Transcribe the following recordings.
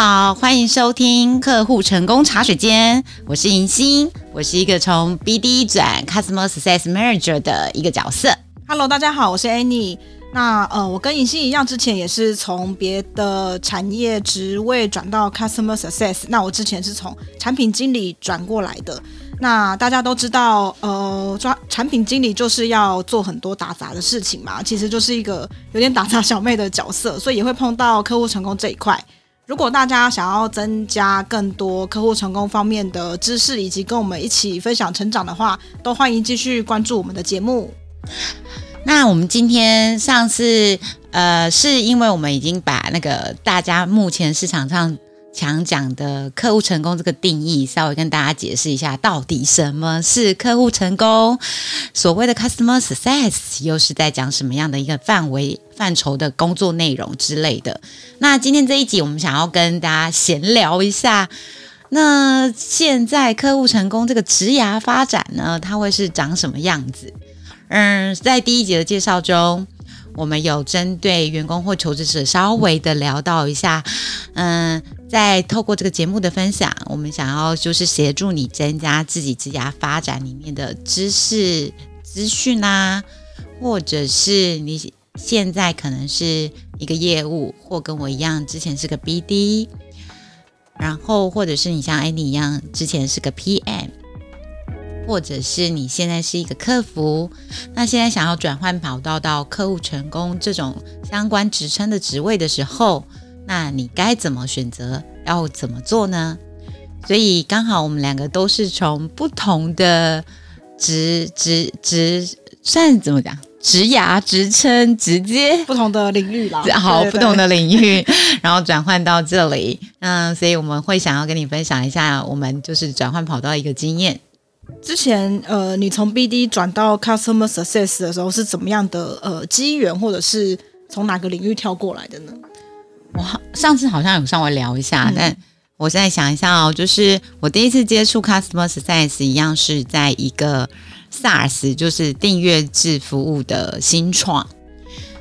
好，歡迎收聽客戶成功茶水間。我是銀心，我是一個從 BD 轉 Customer Success Manager 的一個角色。Hello，大家好，我是 Annie。那呃，我跟銀心一樣，之前也是從別的產業職位轉到 Customer Success。那我之前是從產品經理轉過來的。那大家都知道，呃，抓產品經理就是要做很多打雜的事情嘛，其實就是一個有點打雜小妹的角色，所以也會碰到客戶成功這一塊。如果大家想要增加更多客戶成功方面的知識，以及跟我們一起分享成長的話，都歡迎繼續關注我們的節目。那我們今天上次，呃，是因為我們已經把那個大家目前市場上。想講的客戶成功這個定義，稍微跟大家解釋一下，到底什麼是客戶成功？所謂的 customer success 又是在講什麼樣的一個範圍範疇的工作內容之類的？那今天這一集，我們想要跟大家閒聊一下。那現在客戶成功這個職涯發展呢，它會是長什麼樣子？嗯，在第一節的介紹中，我們有針對員工或求職者稍微的聊到一下，嗯。在透過這個節目的分享，我們想要就是協助你增加自己職涯發展裡面的知識資訊啊，或者是你現在可能是一個業務，或跟我一樣之前是個 BD，然後或者是你像 Andy 一樣之前是個 PM，或者是你現在是一個客服，那現在想要轉換跑道到客戶成功這種相關職稱的職位的時候。那你該怎麼選擇？要怎麼做呢？所以剛好我們兩個都是從不同的職職職，算怎麼講？職涯、職稱、直接不同的領域啦。好對對對，不同的領域，然後轉換到這裡。 嗯，所以我們會想要跟你分享一下，我們就是轉換跑道一個經驗。之前呃，你從 BD 轉到 Customer Success 的時候是怎麼樣的？呃，機緣或者是從哪個領域跳過來的呢？我好，上次好像有稍微聊一下，嗯、但我現在想一下哦，就是我第一次接觸 customer success 一樣是在一個 SaaS，就是訂閱制服務的新創。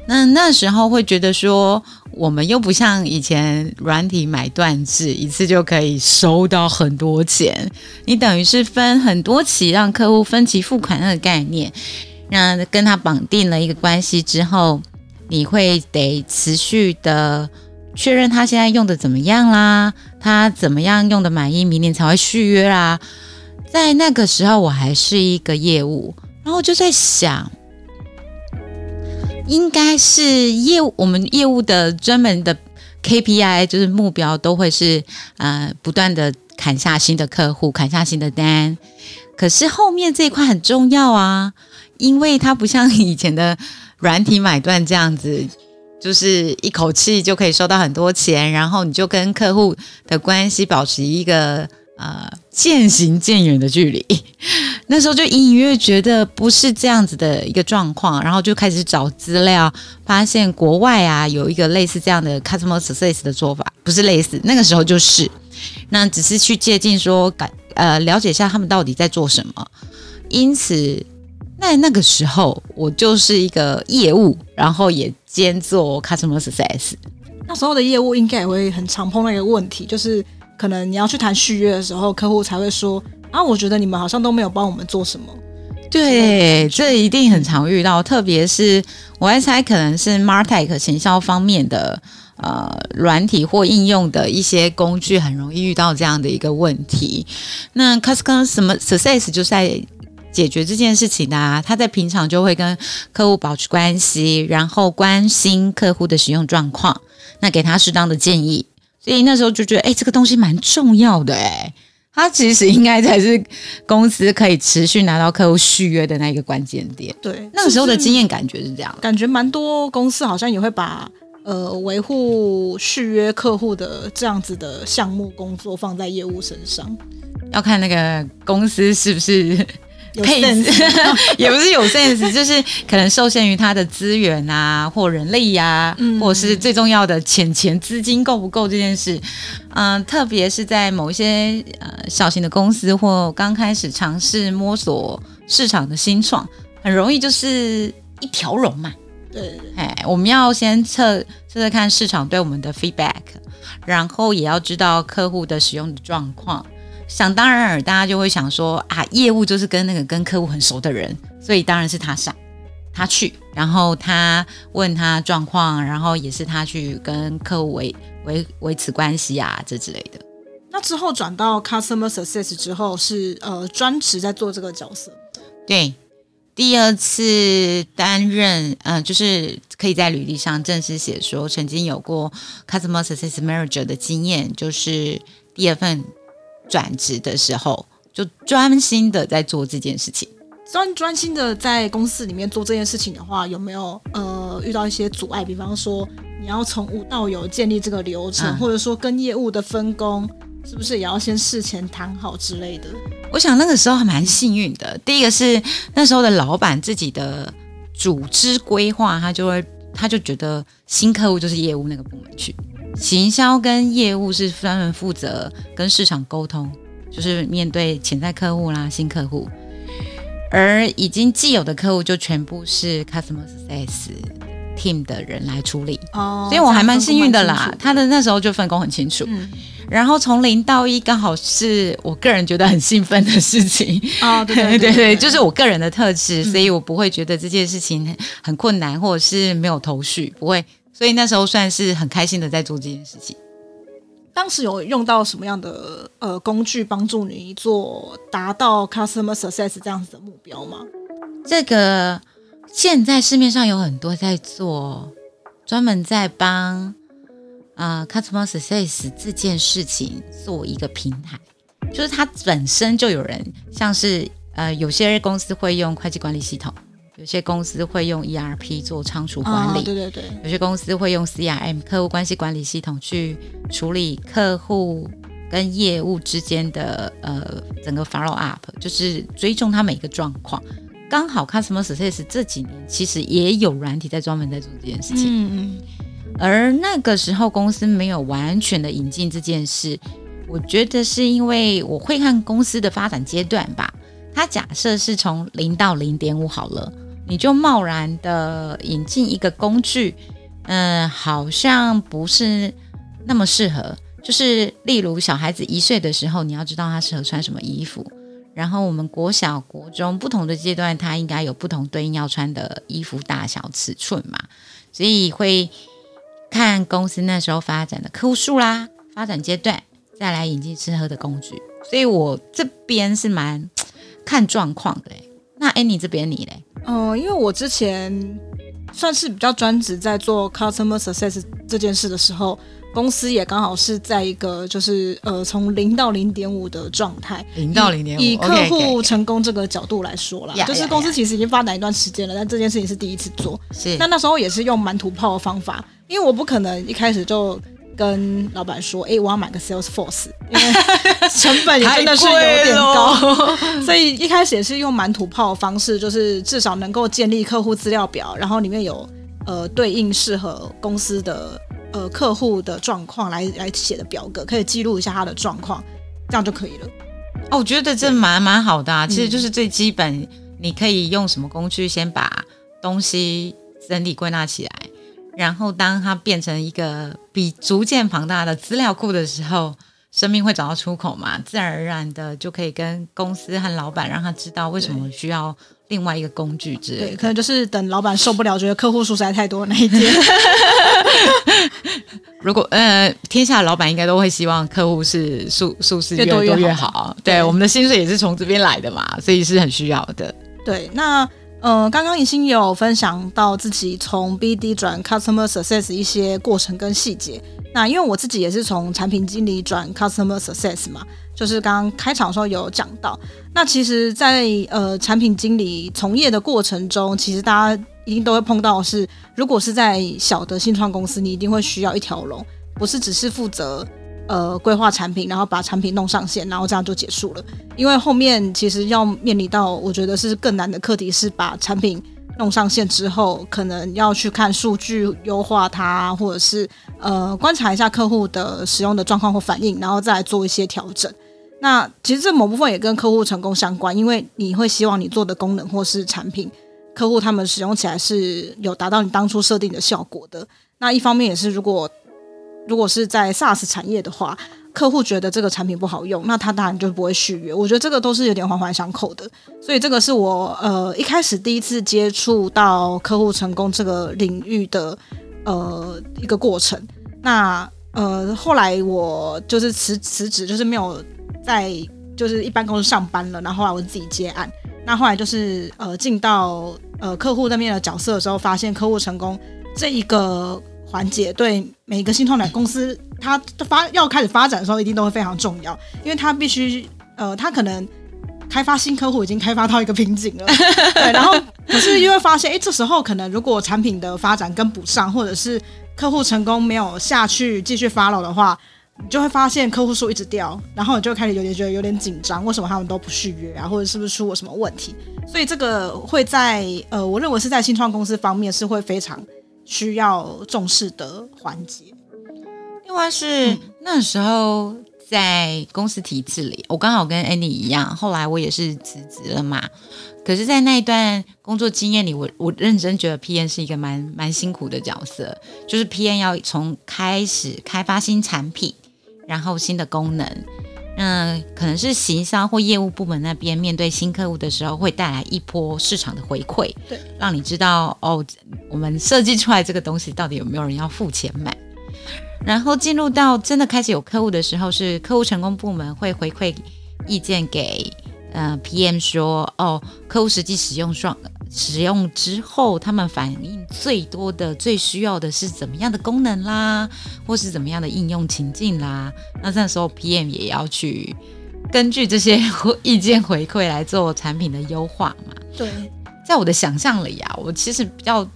那那時候會覺得說，我們又不像以前軟體買斷制，一次就可以收到很多錢，你等於是分很多期讓客戶分期付款那個概念，那跟他綁定了一個關係之後，你會得持續的。確認他現在用的怎麼樣啦？他怎麼樣用的滿意？明年才會續約啦、啊。在那個時候我還是一個業務，然後我就在想，應該是業務我們業務的專門的 KPI 就是目標都會是呃不斷的砍下新的客戶，砍下新的單。可是後面這一塊很重要啊，因為它不像以前的軟體買斷這樣子。就是一口氣就可以收到很多錢，然後你就跟客戶的關係保持一個呃漸行漸遠的距離。 那時候就隱約覺得不是這樣子的一個狀況，然後就開始找資料，發現國外啊有一個類似這樣的 customer success 的做法，不是類似，那個時候就是那只是去接近說，感呃了解一下他們到底在做什麼。因此，在那個時候我就是一個業務，然後也。兼做 Customer Success，那時候的業務應該也會很常碰到一個問題，就是可能你要去談續約的時候，客戶才會說：“啊，我覺得你們好像都沒有幫我們做什麼。對”對，這一定很常遇到，嗯、特別是我還猜可能是 Martech 行銷方面的呃軟體或應用的一些工具，很容易遇到這樣的一個問題。那 Customer Success 就是在解決這件事情的、啊，他在平常就會跟客戶保持關係，然後關心客戶的使用狀況，那給他適當的建議。所以那時候就覺得，誒、欸，這個東西蠻重要的、欸，哎，他其實應該才是公司可以持續拿到客戶續約的那個關鍵點。對、就是，那個時候的經驗感覺是這樣，感覺蠻多公司好像也會把呃維護續約客戶的這樣子的項目工作放在業務身上，要看那個公司是不是。Sense, 配 s 也不是有 sense， 就是可能受限於它的資源啊，或人力呀、啊嗯，或者是最重要的錢錢資金夠不夠這件事。嗯、呃，特別是在某一些呃小型的公司或剛開始嘗試摸索市場的新創，很容易就是一條龍嘛。對對,哎，我們要先測測測看市場對我們的 feedback，然後也要知道客戶的使用的狀況。想當然爾，大家就會想說啊，業務就是跟那個跟客戶很熟的人，所以當然是他上，他去，然後他問他狀況，然後也是他去跟客戶維維維持關係啊，這之類的。那之後轉到 Customer Success 之後是呃專職在做這個角色。對，第二次擔任嗯、呃，就是可以在履歷上正式寫說曾經有過 Customer Success Manager 的經驗，就是第二份。轉職的時候，就專心的在做這件事情。專專心的在公司裡面做這件事情的話，有沒有呃遇到一些阻礙？比方說，你要從無到有建立這個流程，嗯，或者說跟業務的分工，是不是也要先事前談好之類的？我想那個時候還蠻幸運的。第一個是那時候的老闆自己的組織規劃，他就會他就覺得新客戶就是業務那個部門去。行銷跟業務是專門負責跟市場溝通，就是面對潛在客戶啦、新客戶，而已經既有的客戶就全部是 customer service team 的人來處理。哦，所以我還蠻幸運的啦。的他的那時候就分工很清楚，然後從零到一剛好是我個人覺得很興奮的事情。哦，對對對對，對， 對，就是我個人的特質，所以我不會覺得這件事情很困難，或者是沒有頭緒，不會。所以那時候算是很開心的在做這件事情。當時有用到什麼樣的呃工具幫助你做達到 customer success 這樣子的目標嗎？這個現在市面上有很多在做，專門在幫啊、呃、customer success 這件事情做一個平台，就是它本身就有人像是呃有些公司會用會計管理系統。有些公司會用 ERP 做倉儲管理，哦，對對對。有些公司會用 CRM 客戶關係管理系統去處理客戶跟業務之間的呃整個 follow up，就是追蹤他每一個狀況。剛好 Customer Success 這幾年其實也有軟體在專門在做這件事情。嗯嗯。而那個時候公司沒有完全的引進這件事，我覺得是因為我會看公司的發展階段吧。它假設是從零到零點五好了。你就貿然的引進一個工具，嗯、呃，好像不是那麼適合，就是例如小孩子一歲的時候，你要知道他適合穿什麼衣服，然後我們國小、國中不同的階段，他應該有不同對應要穿的衣服大小尺寸嘛，所以會看公司那時候發展的客戶數啦，發展階段，再來引進適合的工具。所以我這邊是蠻看狀況的。那安妮這邊你嘞？嗯、呃，因為我之前算是比較專職在做 customer success 這件事的時候，公司也剛好是在一個就是呃從零到零點五的狀態，零到零點五以客戶成功這個角度來說啦，okay, okay, okay. 就是公司其實已經發展一段時間了 yeah, yeah, yeah.，但這件事情是第一次做，是那那時候也是用蠻土炮的方法，因為我不可能一開始就。跟老闆說，誒，我要買個 Salesforce，因為成本也真的是有點高，所以一開始也是用蠻土炮的方式，就是至少能夠建立客戶資料表，然後裡面有呃對應適合公司的呃客戶的狀況來來寫的表格，可以記錄一下他的狀況，這樣就可以了。哦，我覺得這蠻蠻好的啊，其實就是最基本，你可以用什麼工具先把東西整理歸納起來。然後，當它變成一個比逐漸龐大的資料庫的時候，生命會找到出口嘛，自然而然的就可以跟公司和老板讓他知道為什麼需要另外一個工具之類的。對，對，可能就是等老板受不了，覺得客戶數實在太多那一天。 如果呃，天下的老板應該都會希望客戶是數數是越多越，越，多越好，越好對。對，我們的薪水也是從這邊來的嘛，所以是很需要的。對，那。嗯、呃，剛剛已經有分享到自己從 BD 轉 Customer Success 一些過程跟細節。那因為我自己也是從產品經理轉 Customer Success 嘛，就是剛剛開場的時候有講到。那其實在，在呃產品經理從業的過程中，其實大家一定都會碰到的是，如果是在小的新創公司，你一定會需要一條龍，不是只是負責。呃，規劃產品，然後把產品弄上線，然後這樣就結束了。因為後面其實要面臨到，我覺得是更難的課題，是把產品弄上線之後，可能要去看數據，優化它，或者是呃，觀察一下客戶的使用的狀況或反應，然後再做一些調整。那其實這某部分也跟客戶成功相關，因為你會希望你做的功能或是產品，客戶他們使用起來是有達到你當初設定的效果的。那一方面也是如果。如果是在 SaaS 產業的話，客戶覺得這個產品不好用，那他當然就不會續約。我覺得這個都是有點環環相扣的，所以這個是我呃一開始第一次接觸到客戶成功這個領域的呃一個過程。那呃後來我就是辭辭職，就是沒有在就是一般公司上班了，然後後來我自己接案。那後來就是呃進到呃客戶那邊的角色的時候，發現客戶成功這一個。緩解對每一個新創的公司，它發要開始發展的時候，一定都會非常重要，因為它必須，呃，它可能開發新客戶已經開發到一個瓶頸了， 對，然後可是又會發現，誒、欸，這時候可能如果產品的發展跟不上，或者是客戶成功沒有下去繼續 follow 的話，你就會發現客戶數一直掉，然後你就開始有點覺得有點緊張，為什麼他們都不續約啊，或者是不是出過什麼問題？所以這個會在，呃，我認為是在新創公司方面是會非常。需要重視的環節。另外是那時候在公司體制裡，我剛好跟 Annie 一樣，後來我也是辭職了嘛。可是，在那一段工作經驗裡，我我認真覺得 PM 是一個蠻蠻辛苦的角色，就是 PM 要從開始開發新產品，然後新的功能。嗯，可能是行銷或業務部門那邊面對新客戶的時候，會帶來一波市場的回饋，對，讓你知道哦，我們設計出來這個東西到底有沒有人要付錢買。然後進入到真的開始有客戶的時候是，是客戶成功部門會回饋意見給，呃，PM 說哦，客戶實際使用上。使用之後，他們反映最多的、最需要的是怎麼樣的功能啦，或是怎麼樣的應用情境啦。那這時候 PM 也要去根據這些意見回饋來做產品的優化嘛。對，在我的想象裡啊，我其實比較，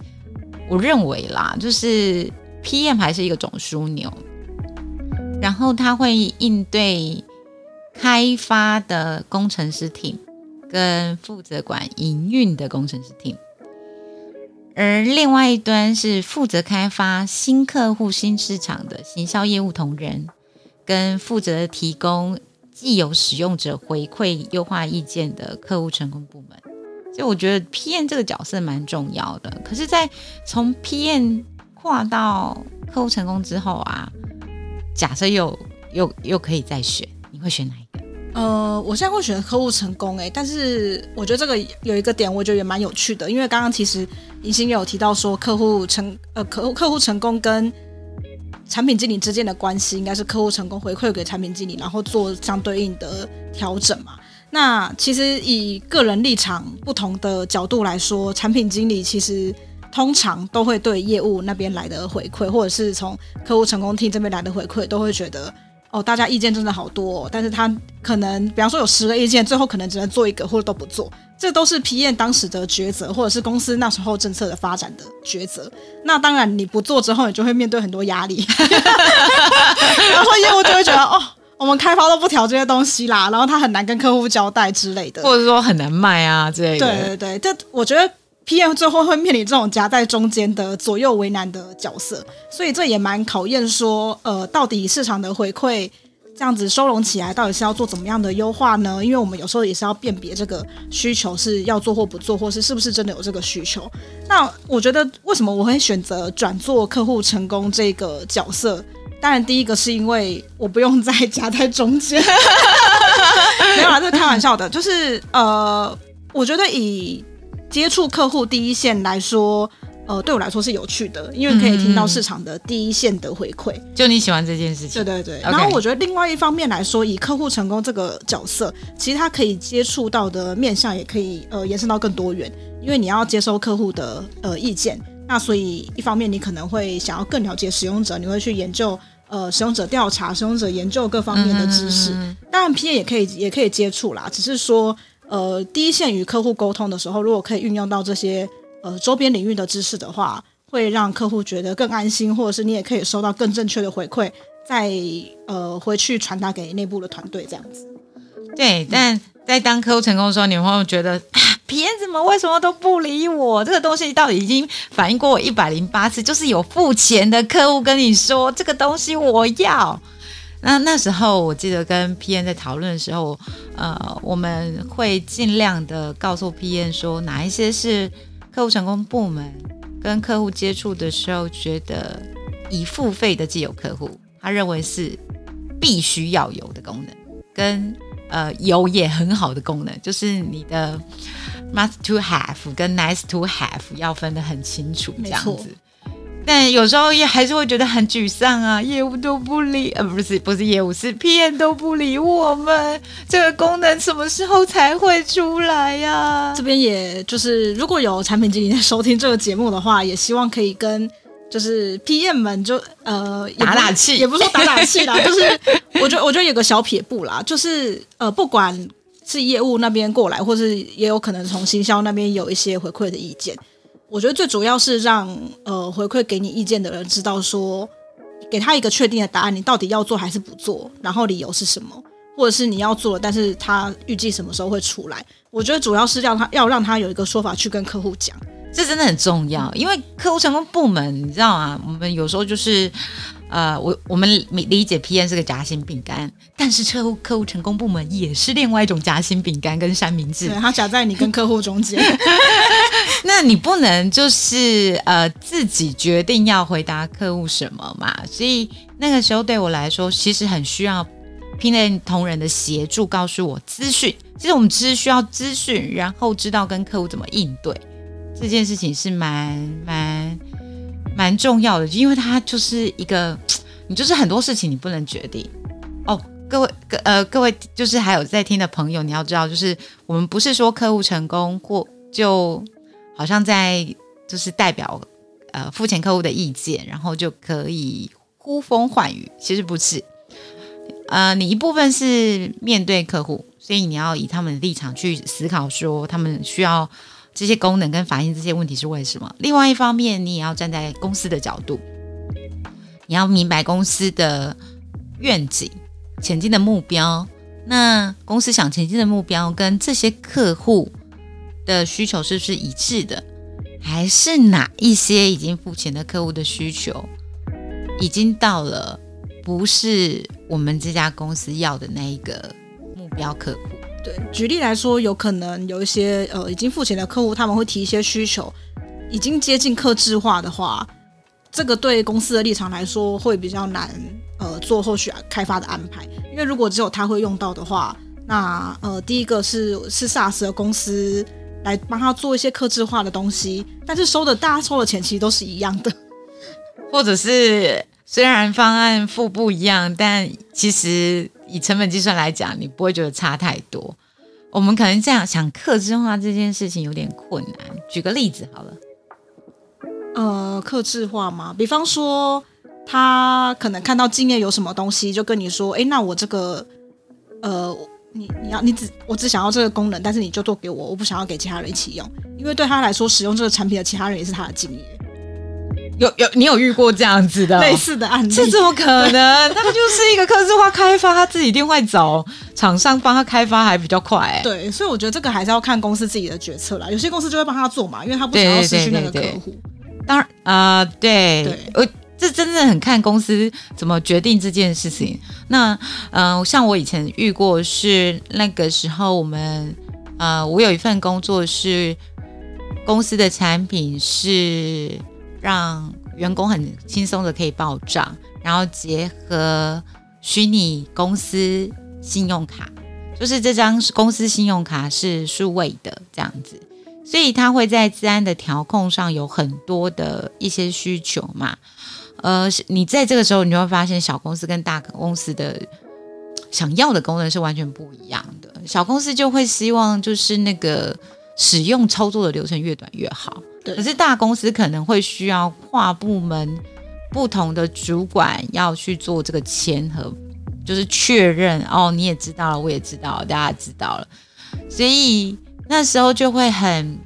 我認為啦，就是 PM 還是一個總樞紐，然後它會應對開發的工程師 team。跟負責管營運的工程師 team，而另外一端是負責開發新客戶、新市場的行銷業務同仁，跟負責提供既有使用者回饋優化意見的客戶成功部門。就我覺得 PM 這個角色蠻重要的。可是，在從 PM 跨到客戶成功之後啊，假設又又又可以再選，你會選哪一個？呃，我現在會選客戶成功、欸，誒，但是我覺得這個有一個點，我覺得也蠻有趣的，因為剛剛其實銀行也有提到說客戶成呃客戶客戶成功跟產品經理之間的關係，應該是客戶成功回饋給產品經理，然後做相對應的調整嘛。那其實以個人立場不同的角度來說，產品經理其實通常都會對業務那邊來的回饋，或者是從客戶成功聽這邊來的回饋，都會覺得。哦，大家意見真的好多哦，但是他可能，比方說有十個意見，最後可能只能做一個或者都不做，這都是 PM 當時的抉擇，或者是公司那時候政策的發展的抉擇。那當然，你不做之後，你就會面對很多壓力， 然後業務就會覺得， 哦，我們開發都不調這些東西啦，然後他很難跟客戶交代之類的，或者說很難賣啊之類的。對對對，這我覺得。PM 最後會面臨這種夾在中間的左右為難的角色，所以這也蠻考驗說，呃，到底市場的回饋這樣子收攏起來，到底是要做怎麼樣的優化呢？因為我們有時候也是要辨別這個需求是要做或不做，或是是不是真的有這個需求。那我覺得為什麼我會選擇轉做客戶成功這個角色？當然，第一個是因為我不用再夾在中間 沒有啊啦， 這是開玩笑的，就是呃，我覺得以。接觸客戶第一線來說，呃，對我來說是有趣的，因為可以聽到市場的第一線的回饋。嗯、就你喜歡這件事情，對對對。Okay. 然後我覺得另外一方面來說，以客戶成功這個角色，其實他可以接觸到的面向也可以呃延伸到更多元，因為你要接收客戶的呃意見。那所以一方面你可能會想要更了解使用者，你會去研究呃使用者調查、使用者研究各方面的知識。當、嗯、然 PM 也可以也可以接觸啦，只是說。呃，第一線與客戶溝通的時候，如果可以運用到這些呃周邊領域的知識的話，會讓客戶覺得更安心，或者是你也可以收到更正確的回饋，再呃回去傳達給內部的團隊這樣子。對，但在當客戶成功的時候，你會覺得、嗯、啊，別人怎麼為什麼都不理我？這個東西到底已經反映過我一百零八次，就是有付錢的客戶跟你說這個東西我要。那那時候我記得跟 PM 在討論的時候，呃，我們會盡量的告訴 PM 說，哪一些是客戶成功部門跟客戶接觸的時候覺得已付費的既有客戶，他認為是必須要有的功能，跟呃有也很好的功能，就是你的 must to have 跟 nice to have 要分得很清楚，這樣子。但有時候也還是會覺得很沮喪啊，業務都不理，呃，不是不是業務是 PM 都不理我們，這個功能什麼時候才會出來呀、啊？這邊也就是如果有產品經理在收聽這個節目的話，也希望可以跟就是 PM 們就呃打打氣也，也不說打打氣啦， 就是我覺得我覺得有個小撇步啦，就是呃不管是業務那邊過來，或是也有可能從行銷那邊有一些回饋的意見。我覺得最主要是讓呃回饋給你意見的人知道說，說給他一個確定的答案，你到底要做還是不做，然後理由是什麼，或者是你要做，但是他預計什麼時候會出來。我覺得主要是讓他，要讓他有一個說法去跟客戶講，這真的很重要，因為客戶成功部門你知道啊，我們有時候就是呃，我我們理解 PM 是個夾心餅乾，但是客戶客戶成功部門也是另外一種夾心餅乾跟三明治，對，它夾在你跟客戶中間。 那你不能就是呃自己決定要回答客戶什麼嘛？所以那個時候對我來說，其實很需要平台同仁的協助，告訴我資訊，其實我們只需要資訊，然後知道跟客戶怎麼應對這件事情是蠻蠻蠻重要的，因為它就是一個你就是很多事情你不能決定哦。各位，呃，各位就是還有在聽的朋友，你要知道就是我們不是說客戶成功或就。好像在就是代表呃付錢客戶的意見，然後就可以呼風喚雨。其實不是，呃，你一部分是面對客戶，所以你要以他們的立場去思考，說他們需要這些功能跟反映這些問題是為什麼。另外一方面，你也要站在公司的角度，你要明白公司的願景、前進的目標。那公司想前進的目標跟這些客戶。的需求是不是一致的，還是哪一些已經付錢的客戶的需求已經到了不是我們這家公司要的那一個目標客戶？對，舉例來說，有可能有一些呃已經付錢的客戶，他們會提一些需求，已經接近客制化的話，這個對公司的立場來說會比較難呃做後續開發的安排，因為如果只有他會用到的話，那呃第一個是是 SaaS 的公司。來幫他做一些客製化的東西，但是收的大家收的錢其實都是一樣的，或者是雖然方案付不一樣，但其實以成本計算來講，你不會覺得差太多。我們可能這樣想，客製化這件事情有點困難。舉個例子好了，呃，客製化嘛，比方說他可能看到經驗有什麼東西，就跟你說，哎，那我這個，呃。你你要你只，我只想要這個功能，但是你就做給我，我不想要給其他人一起用，因為對他來說，使用這個產品的其他人也是他的經營。有有你有遇過這樣子的、哦、 類似的案例？是這怎麼可能？他 就是一個客製化開發，他自己一定會找廠商幫他開發，還比較快，欸。對，所以我覺得這個還是要看公司自己的決策啦。有些公司就會幫他做嘛，因為他不想要失去那個客戶。對對對對，當然啊，呃，對，對。這真的很看公司怎麼決定這件事情。那嗯、呃，像我以前遇過是那個時候，我們呃，我有一份工作是公司的產品是讓員工很輕鬆的可以報賬，然後結合虛擬公司信用卡，就是這張公司信用卡是數位的這樣子，所以它會在治安的調控上有很多的一些需求嘛。呃，你在這個時候，你就會發現小公司跟大公司的想要的功能是完全不一樣的。小公司就會希望就是那個使用操作的流程越短越好，可是大公司可能會需要跨部門不同的主管要去做這個簽核，就是確認哦，你也知道了，我也知道了，大家知道了，所以那時候就會很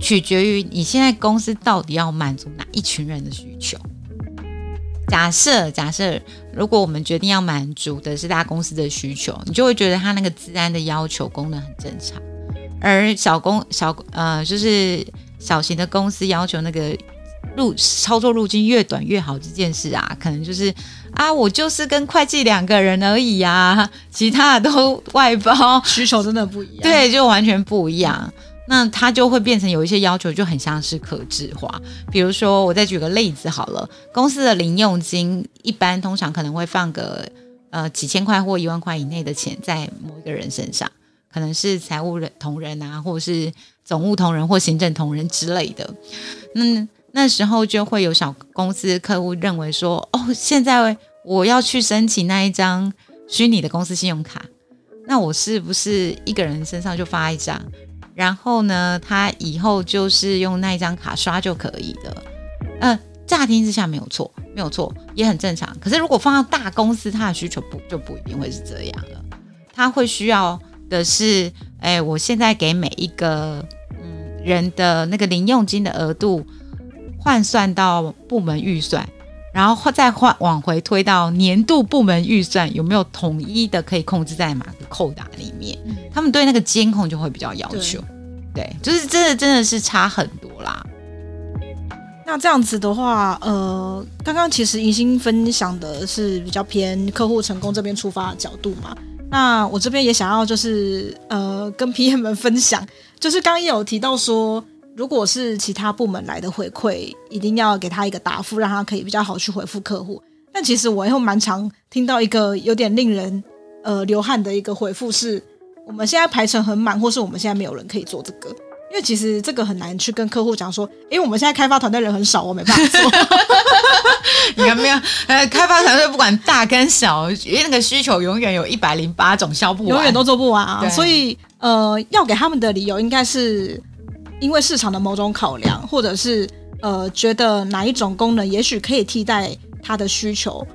取決於你現在公司到底要滿足哪一群人的需求。假設假設，如果我們決定要滿足的是大公司的需求，你就會覺得他那個資安的要求功能很正常。而小公小呃，就是小型的公司要求那個路操作路徑越短越好這件事啊，可能就是啊，我就是跟會計兩個人而已呀，啊，其他的都外包。需求真的不一樣。對，就完全不一樣。那它就會變成有一些要求就很像是客製化，比如說我再舉個例子好了，公司的零用金一般通常可能會放個呃幾千塊或一萬塊以內的錢在某一個人身上，可能是財務人同仁啊，或者是總務同仁或行政同仁之類的。嗯，那時候就會有小公司客戶認為說，哦，現在我要去申請那一張虛擬的公司信用卡，那我是不是一個人身上就發一張？然後呢，他以後就是用那一張卡刷就可以了。嗯、呃，乍聽之下沒有錯，沒有錯，也很正常。可是如果放到大公司，他的需求不就不一定會是這樣了。他會需要的是，哎，我現在給每一個嗯人的那個零用金的額度，換算到部門預算。然後再換往回推到年度部門預算，有沒有統一的可以控制在哪個扣打裡面？他們對那個監控就會比較要求對。對，就是真的真的是差很多啦。那這樣子的話，呃，剛剛其實銀星分享的是比較偏客戶成功這邊出發的角度嘛。那我這邊也想要就是呃跟 PM 們分享，就是剛剛也有提到說。如果是其他部門來的回饋，一定要給他一個答復，讓他可以比較好去回覆客戶。但其實我又蠻常聽到一個有點令人呃流汗的一個回覆，是我們現在排程很滿，或是我們現在沒有人可以做這個。因為其實這個很難去跟客戶講說，哎、欸，我們現在開發團隊人很少，我沒辦法做。有 沒有？呃，開發團隊不管大跟小，因為那個需求永遠有一百零八種，消不完，永遠都做不完啊。所以呃，要給他們的理由應該是。因為市場的某種考量，或者是呃覺得哪一種功能也許可以替代他的需求，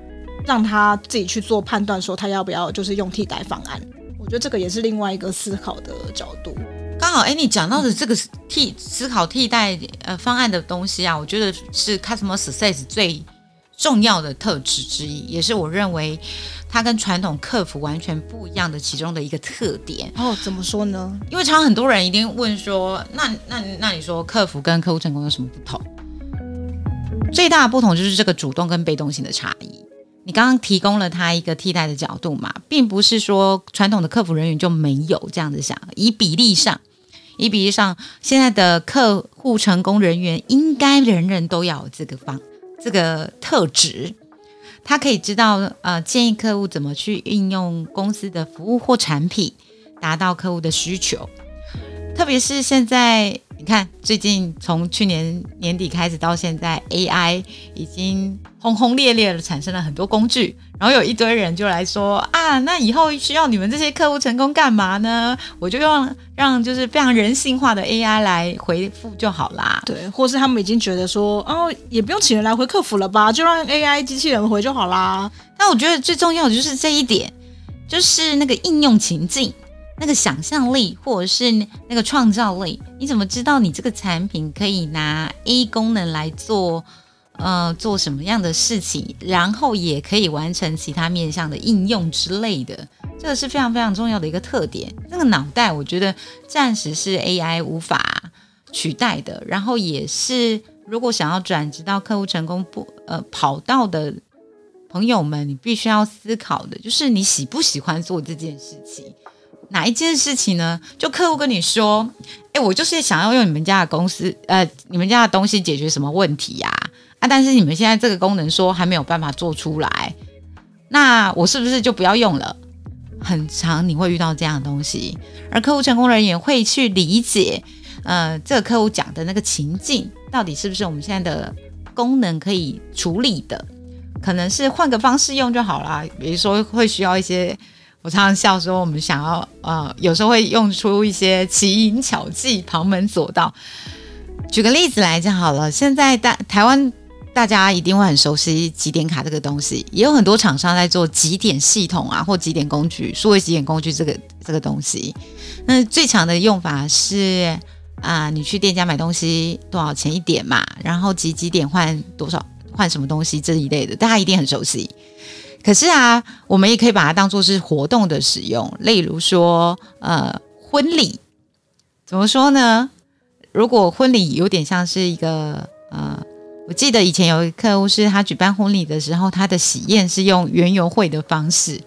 讓他自己去做判斷，說他要不要就是用替代方案。我覺得這個也是另外一個思考的角度。剛好，誒，你講到的這個替思考替代呃方案的東西啊，我覺得是 Customer Success 最重要的特質之一，也是我認為它跟傳統客服完全不一樣的其中的一個特點。哦，怎麼說呢？因為常常很多人一定問說，那那那你說客服跟客戶成功有什麼不同？最大的不同就是這個主動跟被動性的差異。你剛剛提供了他一個替代的角度嘛，並不是說傳統的客服人員就沒有這樣子想。以比例上，以比例上，現在的客戶成功人員應該人人都要有這個方。這個特質，他可以知道，呃，建議客戶怎麼去運用公司的服務或產品，達到客戶的需求，特別是現在。你看，最近從去年年底開始到現在，AI 已經轟轟烈烈的產生了很多工具，然後有一堆人就來說啊，那以後需要你們這些客戶成功幹嘛呢？我就用讓就是非常人性化的 AI 來回復就好啦。對，或是他們已經覺得說，哦，也不用請人來回客服了吧，就讓 AI 機器人回就好啦。但我覺得最重要的就是這一點，就是那個應用情境。那個想象力或者是那個創造力，你怎麼知道你這個產品可以拿 A 功能來做，呃，做什麼樣的事情，然後也可以完成其他面向的應用之類的，這個是非常非常重要的一個特點。那個腦袋，我覺得暫時是 AI 無法取代的。然後也是，如果想要轉職到客戶成功不呃跑道的朋友們，你必須要思考的，就是你喜不喜歡做這件事情。哪一件事情呢？就客戶跟你說：“誒，我就是想要用你們家的公司，呃，你們家的東西解決什麼問題呀？啊，啊，但是你們現在這個功能說還沒有辦法做出來，那我是不是就不要用了？”很常你會遇到這樣的東西，而客戶成功人員會去理解，呃，這個客戶講的那個情境到底是不是我們現在的功能可以處理的？可能是換個方式用就好啦，比如說會需要一些。我常常笑說，我們想要呃，有時候會用出一些奇淫巧技，旁門左道。舉個例子來就好了，現在大台灣大家一定會很熟悉集點卡這個東西，也有很多廠商在做集點系統啊，或集點工具，數位集點工具這個這個東西。那最常的用法是啊，呃，你去店家買東西多少錢一點嘛，然後集幾點，換多少換什麼東西這一類的，大家一定很熟悉。可是啊，我們也可以把它當做是活動的使用，例如說，呃，婚禮，怎麼說呢？如果婚禮有點像是一個，呃，我記得以前有一個客戶是他舉辦婚禮的時候，他的喜宴是用園遊會的方式，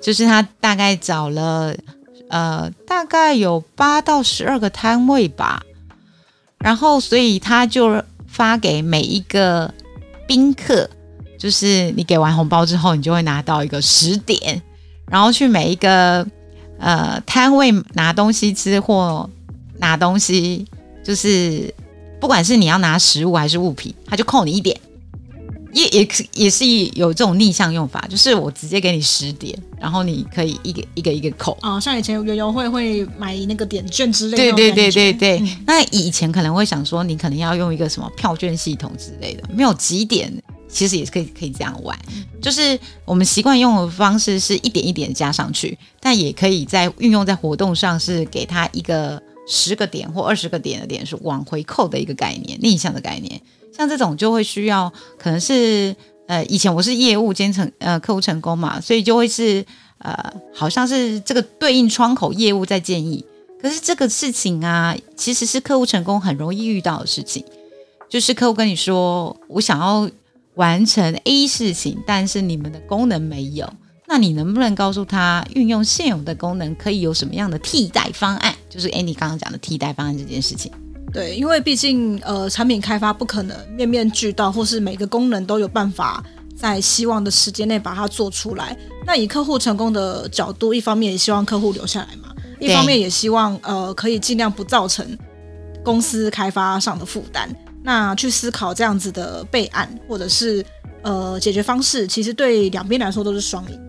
就是他大概找了，呃，大概有八到十二個攤位吧，然後所以他就發給每一個賓客，就是你給完紅包之後，你就會拿到一個十點，然後去每一個呃攤位拿東西吃或拿東西，就是不管是你要拿食物還是物品，他就扣你一點，也也也是有這種逆向用法，就是我直接給你十點，然後你可以一個一個一個扣。啊，像以前有優惠會買那個點券之類的。對對對對對，對、嗯。那以前可能會想說，你可能要用一個什麼票券系統之類的，沒有幾點。其實也是可以可以這樣玩，就是我們習慣用的方式是一點一點加上去，但也可以在運用在活動上，是給他一個十個點或二十個點的點數往回扣的一個概念，逆向的概念。像這種就會需要，可能是呃，以前我是業務兼成呃客戶成功嘛，所以就會是呃，好像是這個對應窗口業務在建議。可是這個事情啊，其實是客戶成功很容易遇到的事情，就是客戶跟你說我想要。完成 A 事情，但是你們的功能沒有，那你能不能告訴他，運用現有的功能可以有什麼樣的替代方案？就是 Andy 剛剛講的替代方案這件事情。對，因為畢竟呃，產品開發不可能面面俱到，或是每個功能都有辦法在希望的時間內把它做出來。那以客戶成功的角度，一方面也希望客戶留下來嘛，對。一方面也希望呃，可以儘量不造成公司開發上的負擔。那去思考這樣子的備案，或者是呃解決方式，其實對兩邊來說都是雙贏的。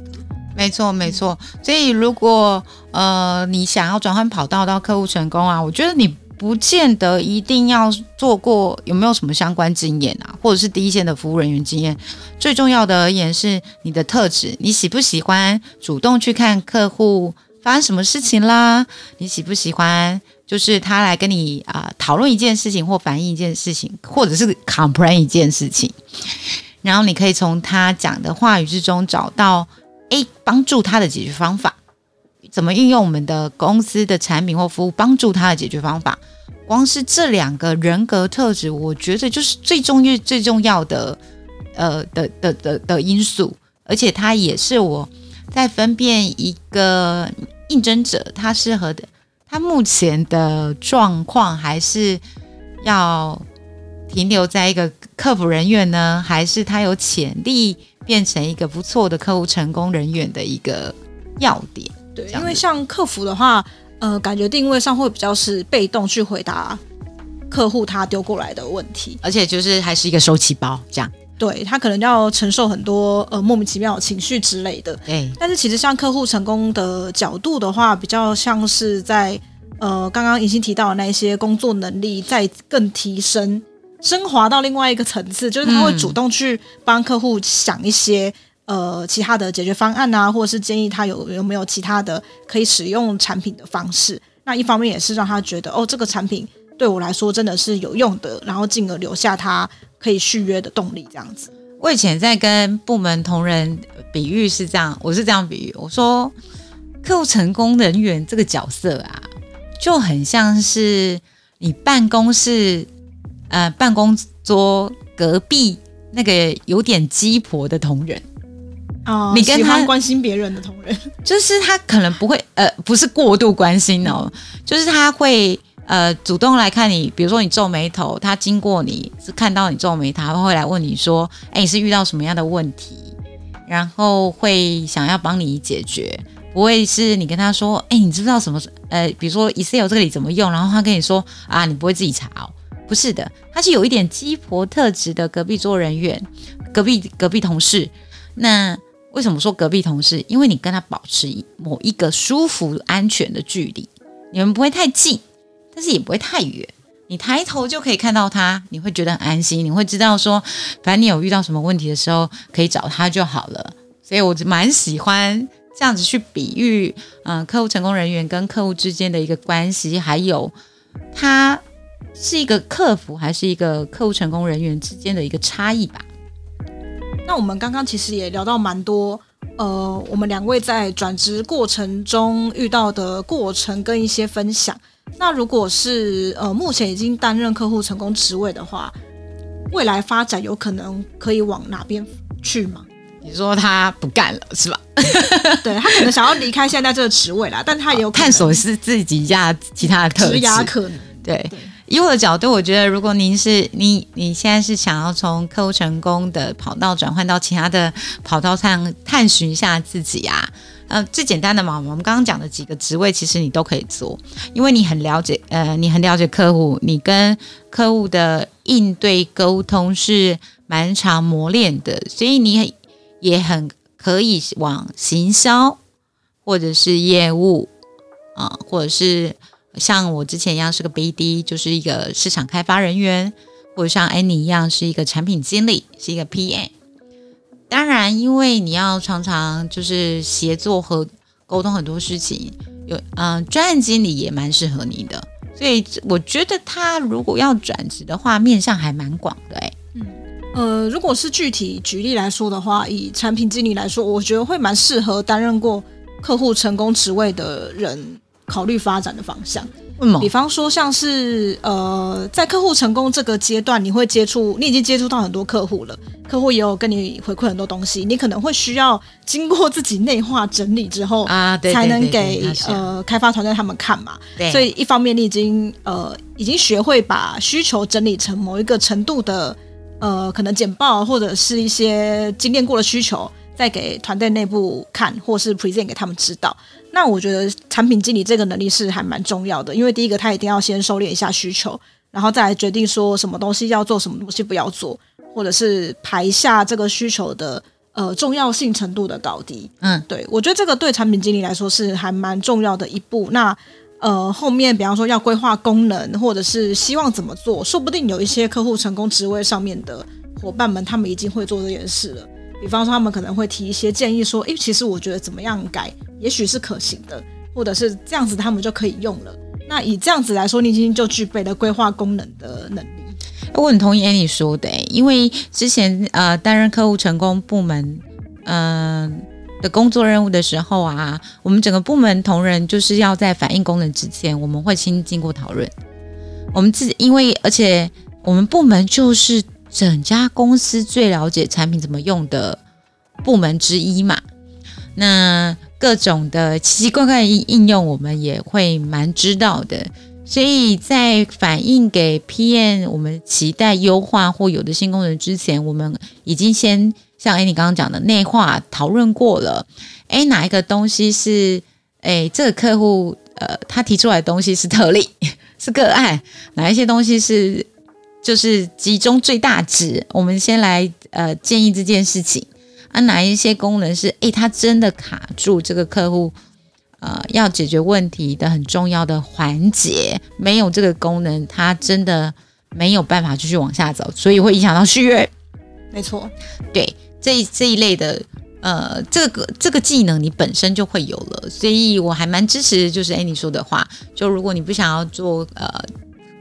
沒錯，沒錯。所以如果呃你想要轉換跑道到客戶成功啊，我覺得你不見得一定要做過有沒有什麼相關經驗啊，或者是第一線的服務人員經驗。最重要的而言是你的特質，你喜不喜歡主動去看客戶發生什麼事情啦？你喜不喜歡？就是他來跟你啊、呃、討論一件事情，或反映一件事情，或者是 complain 一件事情，然後你可以從他講的話語之中找到，哎，幫助他的解決方法，怎麼運用我們的公司的產品或服務幫助他的解決方法。光是這兩個人格特質，我覺得就是最重要、最重要的呃的的的的因素，而且他也是我在分辨一個應徵者他適合的。他目前的狀況還是要停留在一個客服人員呢，還是他有潛力變成一個不錯的客戶成功人員的一個要點？對，因為像客服的話，呃，感覺定位上會比較是被動去回答客戶他丟過來的問題，而且就是還是一個受氣包這樣。對，他可能要承受很多呃，莫名其妙的情緒之類的，但是其實像客戶成功的角度的話，比較像是在呃，剛剛已經提到的那些工作能力再更提升，升華到另外一個層次，就是他會主動去幫客戶想一些，嗯、呃其他的解決方案啊，或者是建議他有有沒有其他的可以使用產品的方式。那一方面也是讓他覺得哦，這個產品對我來說真的是有用的，然後進而留下他。可以續約的動力，這樣子。我以前在跟部門同仁比喻是這樣，我是這樣比喻，我說客戶成功人員這個角色啊，就很像是你辦公室呃辦公桌隔壁那個有點雞婆的同仁哦，你跟他喜歡關心別人的同仁，就是他可能不會呃不是過度關心哦，就是他會。呃，主動來看你，比如說你皺眉頭，他經過你是看到你皺眉頭，他會來問你說：“哎、欸，你是遇到什麼樣的問題？”然後會想要幫你解決，不會是你跟他說：“哎、欸，你知不知道什麼呃，比如說 Excel 這裡怎麼用？”然後他跟你說：“啊，你不會自己查哦。”不是的，他是有一點雞婆特質的隔壁桌人員，隔壁隔壁同事。那為什麼說隔壁同事？因為你跟他保持某一個舒服安全的距離，你們不會太近。但是也不會太遠，你抬頭就可以看到他，你會覺得很安心，你會知道說，反正你有遇到什麼問題的時候，可以找他就好了。所以我蠻喜歡這樣子去比喻，嗯、呃，客戶成功人員跟客戶之間的一個關係，還有他是一個客服還是一個客戶成功人員之間的一個差異吧。那我們剛剛其實也聊到蠻多，呃，我們兩位在轉職過程中遇到的過程跟一些分享。那如果是呃，目前已經擔任客戶成功職位的話，未來發展有可能可以往哪邊去嗎？你說他不幹了是吧？對，他可能想要離開現在這個職位啦， 但他也有可能可能探索是自己家其他的特色對，對。以我的角度，我覺得如果您是你你現在是想要從客戶成功的跑道轉換到其他的跑道上，探尋一下自己啊。嗯、呃，最簡單的嘛，我們剛剛講的幾個職位，其實你都可以做，因為你很了解，呃，你很了解客戶，你跟客戶的應對溝通是蠻常磨練的，所以你也很可以往行銷或者是業務啊，或者是像我之前一樣是個 BD，就是一個市場開發人員，或者像安妮一樣是一個產品經理，是一個 PM。當然，因為你要常常就是協作和溝通很多事情，有嗯、呃，專案經理也蠻適合你的，所以我覺得他如果要轉職的話，面向還蠻廣的。誒，嗯，呃，如果是具體舉例來說的話，以產品經理來說，我覺得會蠻適合擔任過客戶成功職位的人考慮發展的方向。為什麼？比方說像是呃，在客戶成功這個階段，你會接觸，你已經接觸到很多客戶了。客戶也有跟你回饋很多東西，你可能會需要經過自己內化整理之後啊，對對對對，才能給呃開發團隊他們看嘛。對，所以一方面你已經呃已經學會把需求整理成某一個程度的呃可能簡報，或者是一些經驗過的需求，再給團隊內部看，或是 present 給他們知道。那我覺得產品經理這個能力是還蠻重要的，因為第一個他一定要先收斂一下需求，然後再來決定說什麼東西要做，什麼東西不要做。或者是排下這個需求的呃重要性程度的高低，嗯，對我覺得這個對產品經理來說是還蠻重要的一步。那呃後面比方說要規劃功能，或者是希望怎麼做，說不定有一些客戶成功職位上面的夥伴們，他們已經會做這件事了。比方說他們可能會提一些建議說，說誒，其實我覺得怎麼樣改，也許是可行的，或者是這樣子他們就可以用了。那以這樣子來說，你已經就具備了規劃功能的能力。我很同意 Annie 說的，因為之前呃擔任客戶成功部門嗯、呃、的工作任務的時候啊，我們整個部門同仁就是要在反應功能之前，我們會先經過討論。我們自己，因為而且我們部門就是整家公司最了解產品怎麼用的部門之一嘛，那各種的奇奇怪怪的應應用，我們也會蠻知道的。所以在反映給 PM，我們期待優化或有的新功能之前，我們已經先像哎你剛剛講的內化討論過了，誒，哪一個東西是誒？這個客戶呃他提出來的東西是特例，是個案，哪一些東西是就是集中最大值，我們先來呃建議這件事情啊，哪一些功能是誒，他真的卡住這個客戶，呃，要解決問題的很重要的環節，沒有這個功能，它真的沒有辦法繼續往下走，所以會影響到續約、欸。沒錯，對這這一類的，呃，這個這個技能你本身就會有了，所以我還蠻支持，就是 Annie 說的話，就如果你不想要做呃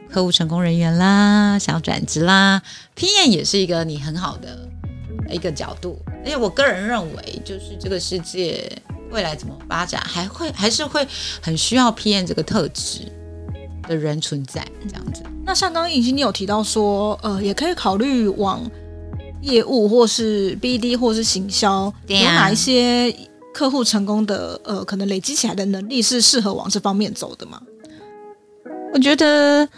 客戶成功人員啦，想要轉職啦，PM 也是一個你很好的一個角度，因為我個人認為，就是這個世界。未來怎麼發展，還會還是會很需要 p M 這個特質的人存在這樣子。那像剛剛尹欣你有提到說，呃，也可以考慮往業務或是 BD 或是行銷，啊、有哪一些客戶成功的呃，可能累積起來的能力是適合往這方面走的嗎？我覺得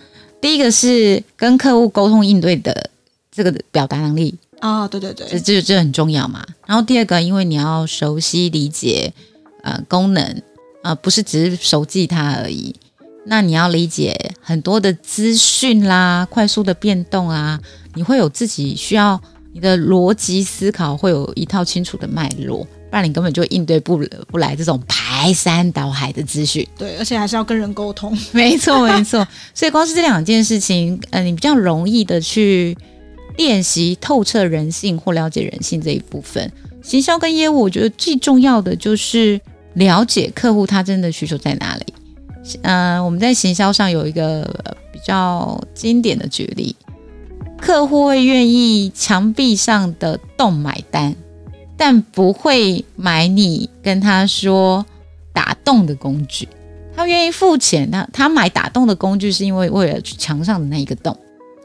第一個是跟客戶溝通應對的這個表達能力。啊、哦，對對對，這這這很重要嘛。然後第二個，因為你要熟悉理解，呃，功能，呃，不是只是熟記它而已。那你要理解很多的資訊啦，快速的變動啊，你會有自己需要你的邏輯思考，會有一套清楚的脈絡，不然你根本就應對不了不來這種排山倒海的資訊。對，而且還是要跟人溝通， 沒錯沒錯。所以光是這兩件事情，呃，你比較容易的去練習透徹人性或了解人性這一部分，行銷跟業務，我覺得最重要的就是了解客戶他真的需求在哪裡。嗯，我們在行銷上有一個比較經典的舉例：客戶會願意牆壁上的洞買單，但不會買你跟他說打洞的工具。他願意付錢，他他買打洞的工具是因為為了去牆上的那一個洞，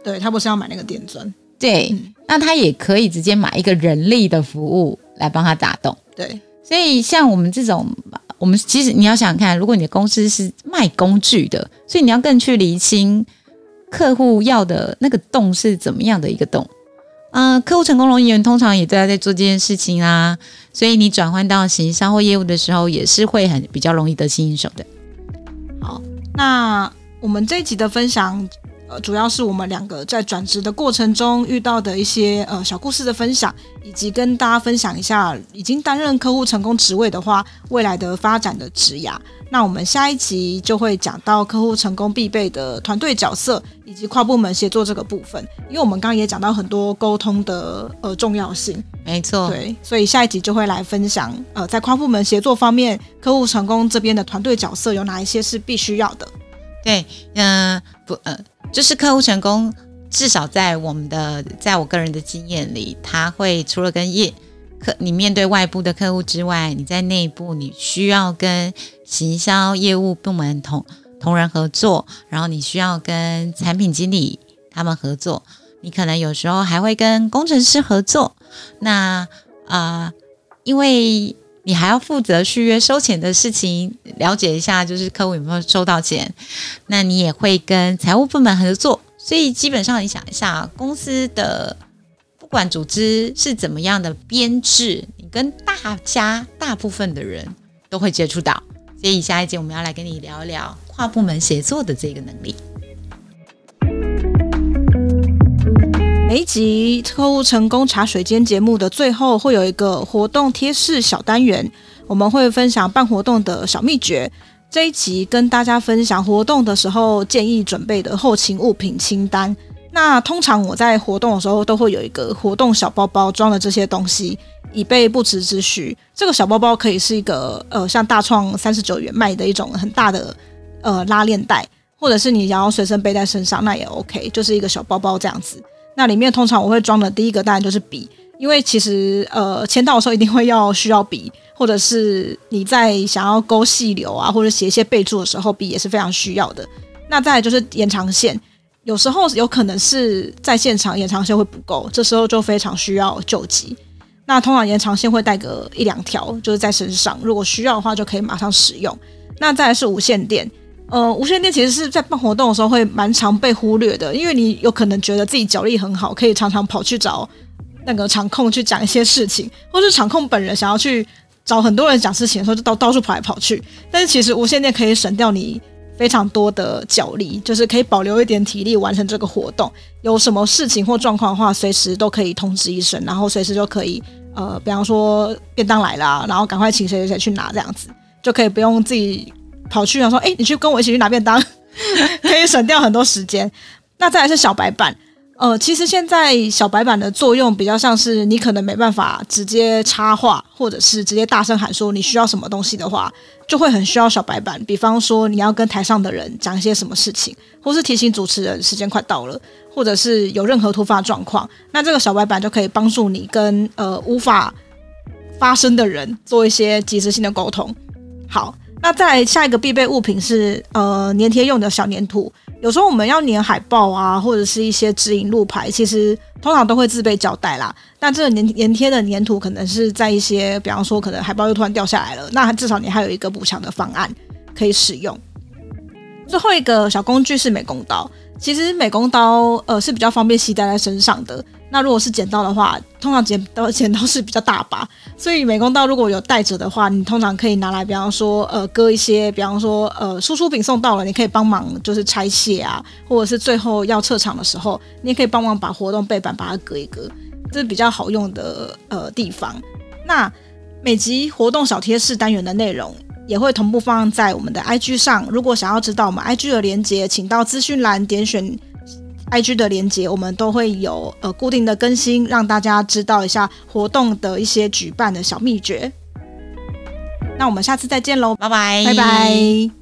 對，他不是要買那個電鑽。對、嗯，那他也可以直接買一個人力的服務來幫他打洞。對，所以像我們這種，我們其實你要想想看，如果你的公司是賣工具的，所以你要更去理清客戶要的那個洞是怎麼樣的一個洞。嗯、呃，客戶成功從業人員通常也在在做這件事情啊，所以你轉換到行銷或業務的時候，也是會很比較容易得心應手的。好，那我們這一集的分享。呃，主要是我們兩個在轉職的過程中遇到的一些呃小故事的分享，以及跟大家分享一下已經擔任客戶成功職位的話，未來的發展的職涯。那我們下一集就會講到客戶成功必備的團隊角色，以及跨部門協作這個部分。因為我們剛剛也講到很多溝通的呃重要性，沒錯，對，所以下一集就會來分享呃，在跨部門協作方面，客戶成功這邊的團隊角色有哪一些是必須要的。對，嗯、呃，不，呃。就是客戶成功，至少在我們的，在我個人的經驗裡，他會除了跟業客你面對外部的客戶之外，你在內部你需要跟行銷業務部門同同仁合作，然後你需要跟產品經理他們合作，你可能有時候還會跟工程師合作。那啊、呃，因為。你還要負責續約收錢的事情，了解一下就是客戶有沒有收到錢，那你也會跟財務部門合作，所以基本上你想一下，公司的不管組織是怎麼樣的編制，你跟大家大部分的人都會接觸到，所以下一集我們要來跟你聊一聊跨部門協作的這個能力。每一集《客戶成功茶水間》節目的最後會有一個活動貼士小單元，我們會分享辦活動的小秘訣。這一集跟大家分享活動的時候建議準備的後勤物品清單。那通常我在活動的時候都會有一個活動小包包，裝了這些東西以備不時之需。這個小包包可以是一個呃，像大創三十九元賣的一種很大的呃拉鏈袋，或者是你想要隨身背在身上，那也 OK，就是一個小包包這樣子。那裡面通常我會裝的第一個當然就是筆，因為其實呃簽到的時候一定會要需要筆，或者是你在想要勾細流啊，或者寫一些備注的時候，筆也是非常需要的。那再來就是延長線，有時候有可能是在現場延長線會不夠，這時候就非常需要救急。那通常延長線會帶個一兩條，就是在身上，如果需要的話就可以馬上使用。那再來是無線電。呃，無線電其實是在辦活動的時候會蠻常被忽略的，因為你有可能覺得自己腳力很好，可以常常跑去找那個場控去講一些事情，或是場控本人想要去找很多人講事情的時候，就到到處跑來跑去。但是其實無線電可以省掉你非常多的腳力，就是可以保留一點體力完成這個活動。有什麼事情或狀況的話，隨時都可以通知一聲，然後隨時就可以，呃，比方說便當來啦，然後趕快請誰誰去拿這樣子，就可以不用自己，跑去然後說：“哎，你去跟我一起去拿便當，可以省掉很多時間。”那再來是小白板，呃，其實現在小白板的作用比較像是你可能沒辦法直接插話，或者是直接大聲喊說你需要什麼東西的話，就會很需要小白板。比方說你要跟台上的人講一些什麼事情，或是提醒主持人時間快到了，或者是有任何突發狀況，那這個小白板就可以幫助你跟呃無法發聲的人做一些即時性的溝通。好。那再下一個必備物品是，呃，粘貼用的小粘土。有時候我們要粘海報啊，或者是一些指引路牌，其實通常都會自備膠帶啦。那這個粘粘貼的粘土，可能是在一些，比方說，可能海報又突然掉下來了，那至少你還有一個補強的方案可以使用。最後一個小工具是美工刀。其實美工刀，呃，是比較方便攜帶在身上的。那如果是剪刀的話，通常剪刀剪刀是比較大把，所以美工刀如果有帶着的話，你通常可以拿來，比方說，呃，割一些，比方說，呃，輸出品送到了，你可以幫忙就是拆卸啊，或者是最後要撤場的時候，你也可以幫忙把活動背板把它割一割，這是比較好用的呃地方。那每集活動小貼士單元的內容也會同步放在我們的 IG 上，如果想要知道我們 IG 的連結，請到資訊欄點選。IG 的連結，我們都會有呃固定的更新，讓大家知道一下活動的一些舉辦的小秘訣。那我們下次再見嘍，拜拜，拜拜。